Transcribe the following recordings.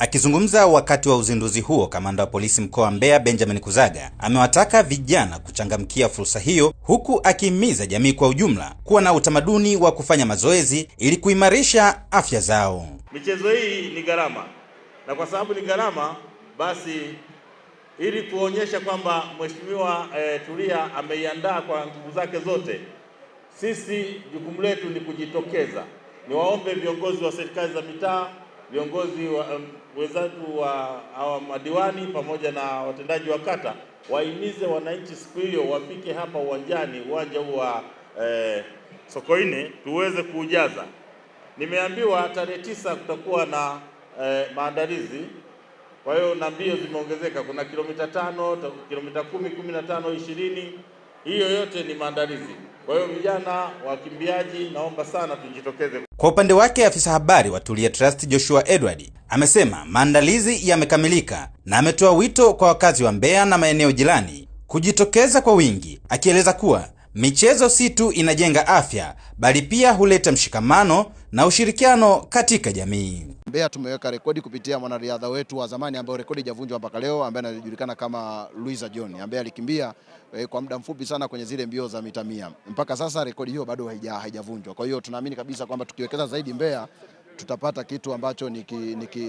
Akizungumza wakati wa uzinduzi huo, kamanda wa polisi mkoa wa Mbeya Benjamin Kuzaga amewataka vijana kuchangamkia fursa hiyo, huku akihimiza jamii kwa ujumla kuwa na utamaduni wa kufanya mazoezi ili kuimarisha afya zao. Michezo hii ni gharama, na kwa sababu ni gharama, basi ili kuonyesha kwamba mheshimiwa e, Tulia ameiandaa kwa nguvu zake zote, sisi jukumu letu ni kujitokeza. Niwaombe viongozi wa serikali za mitaa viongozi um, wenzangu wa hawa madiwani pamoja na watendaji wa kata wahimize wananchi siku hiyo wafike hapa uwanjani, uwanja huu wa eh, Sokoine tuweze kuujaza. Nimeambiwa tarehe tisa kutakuwa na eh, maandalizi kwa hiyo na mbio zimeongezeka, kuna kilomita tano, kilomita kumi, kumi na tano, ishirini. Hiyo yote ni maandalizi. Kwa hiyo vijana wakimbiaji, naomba sana tujitokeze. Kwa upande wake afisa habari wa Tulia Trust Joshua Edward amesema maandalizi yamekamilika na ametoa wito kwa wakazi wa Mbeya na maeneo jirani kujitokeza kwa wingi, akieleza kuwa michezo si tu inajenga afya bali pia huleta mshikamano na ushirikiano katika jamii. Mbeya tumeweka rekodi kupitia mwanariadha wetu wa zamani ambaye rekodi hajavunjwa mpaka leo ambaye anajulikana kama Luisa John ambaye alikimbia eh, kwa muda mfupi sana kwenye zile mbio za mita mia. Mpaka sasa rekodi hiyo bado haijavunjwa. Kwa hiyo tunaamini kabisa kwamba tukiwekeza zaidi Mbeya tutapata kitu ambacho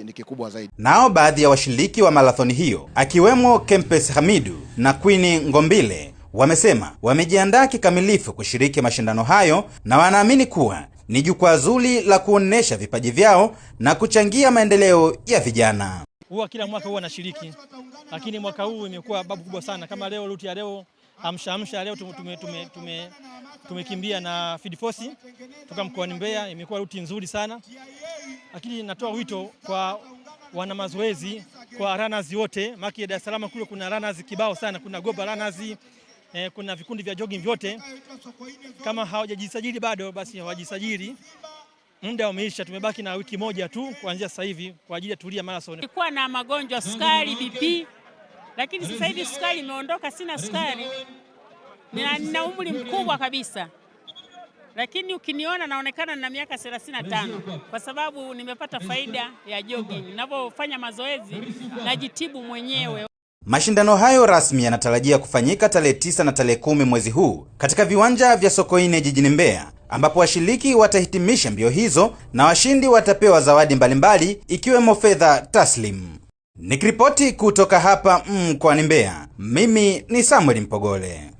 ni kikubwa zaidi. Nao baadhi ya washiriki wa marathoni hiyo akiwemo Kempes Hamidu na Queen Ngombile wamesema wamejiandaa kikamilifu kushiriki mashindano hayo na wanaamini kuwa ni jukwaa zuri la kuonesha vipaji vyao na kuchangia maendeleo ya vijana. Huwa kila mwaka huwa nashiriki, lakini mwaka huu imekuwa babu kubwa sana. Kama leo ruti ya leo amsha amsha leo tumekimbia tume, tume, tume na fidfosi Force mkoani Mbeya, imekuwa ruti nzuri sana, lakini natoa wito kwa wana mazoezi kwa runners wote, maana Dar es Salaam kule kuna runners kibao sana, kuna goba runners eh, kuna vikundi vya jogging vyote, kama hawajajisajili bado basi hawajisajili. Muda umeisha, tumebaki na wiki moja tu kuanzia sasa hivi kwa ajili ya Tulia Marathon. Nilikuwa na magonjwa sukari, BP, lakini sasa hivi sukari imeondoka, sina sukari na nina umri mkubwa kabisa, lakini ukiniona naonekana na miaka 35 kwa sababu nimepata faida ya jogging. Ninapofanya mazoezi najitibu mwenyewe. Mashindano hayo rasmi yanatarajia kufanyika tarehe tisa na tarehe kumi mwezi huu katika viwanja vya Sokoine jijini Mbeya, ambapo washiriki watahitimisha mbio hizo na washindi watapewa zawadi mbalimbali ikiwemo fedha taslimu. Nikiripoti kutoka hapa mkoani Mbeya, mimi ni Samwel Mpogole.